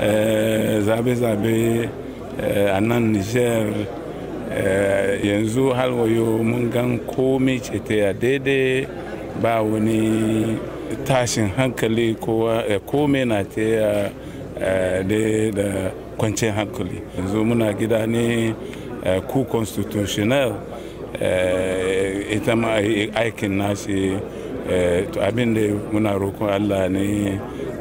Eh, zabe-zabe eh, a nan niger eh, yanzu halwayo mun gan komai ce ta daidai ba wani tashin hankali komai na ta da kwanciyar hankali yanzu muna gida ne ku constitutional ita ma aikin nashi abin da muna roƙon allah ne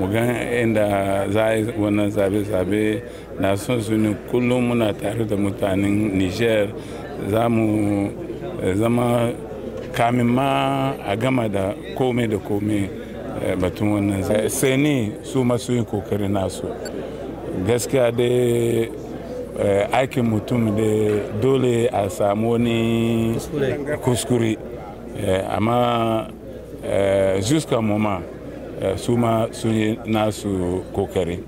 mu ga inda za a yi wannan zabe-zabe na son su ne kullum muna tare da mutanen niger za mu eh, zama kamin ma a gama da komai da komai eh, batun wannan eh, sai ne su masu yin kokari nasu gaskiya dai aikin mutum da dole a samu wani kuskure amma jusqu'à moment Eh, su ma sun yi nasu kokari